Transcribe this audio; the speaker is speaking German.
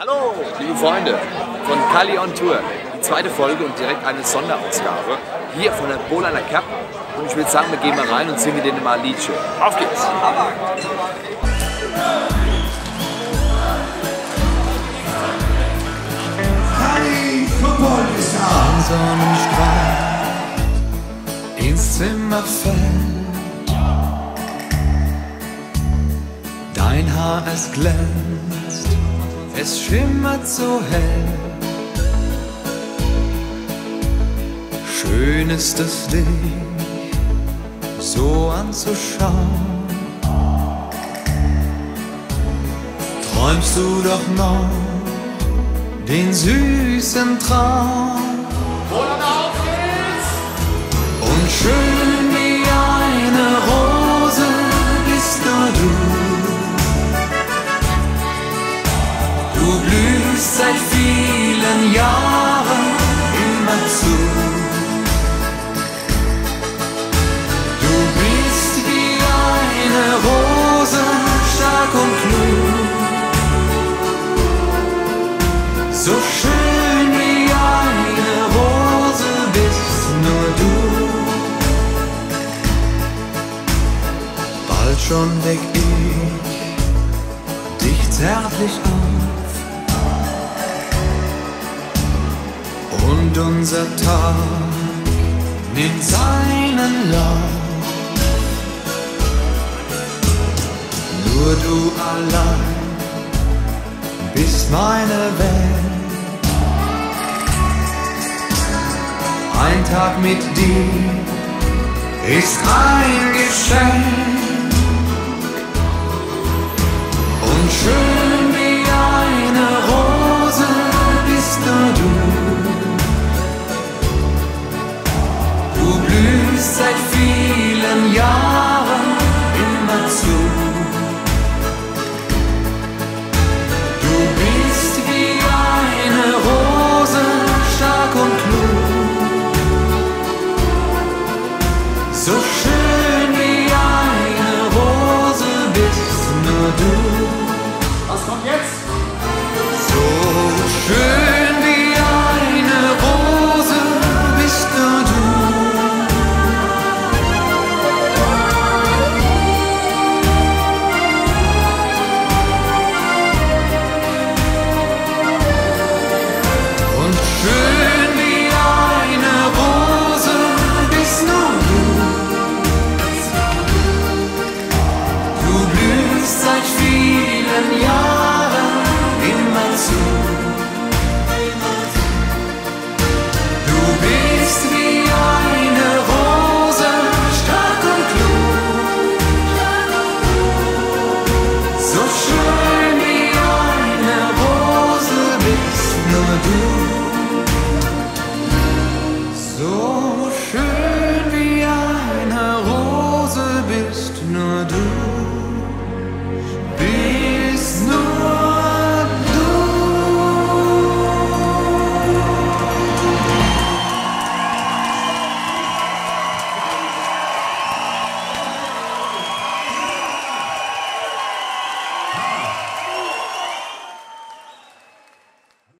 Hallo, liebe Freunde von Kali on Tour. Die zweite Folge und direkt eine Sonderausgabe hier von der Bolaner Cup. Und ich würde sagen, wir gehen mal rein und singen denen mal ein Liedchen. Auf geht's! Kali Football ist Ein Sonnenstrahl ins Zimmer fällt. Dein Haar es glänzt es schimmert so hell. Schön ist es dich so anzuschauen. Träumst du doch noch den süßen Traum? Bald schon weg ich dich zärtlich auf Und unser Tag nimmt seinen Lauf Nur du allein bist meine Welt Ein Tag mit dir ist ein Geschenk schön wie eine Rose bist du. Du blühst seit vielen Jahren immer zu. Du bist wie eine Rose stark und klug. So schön. and young.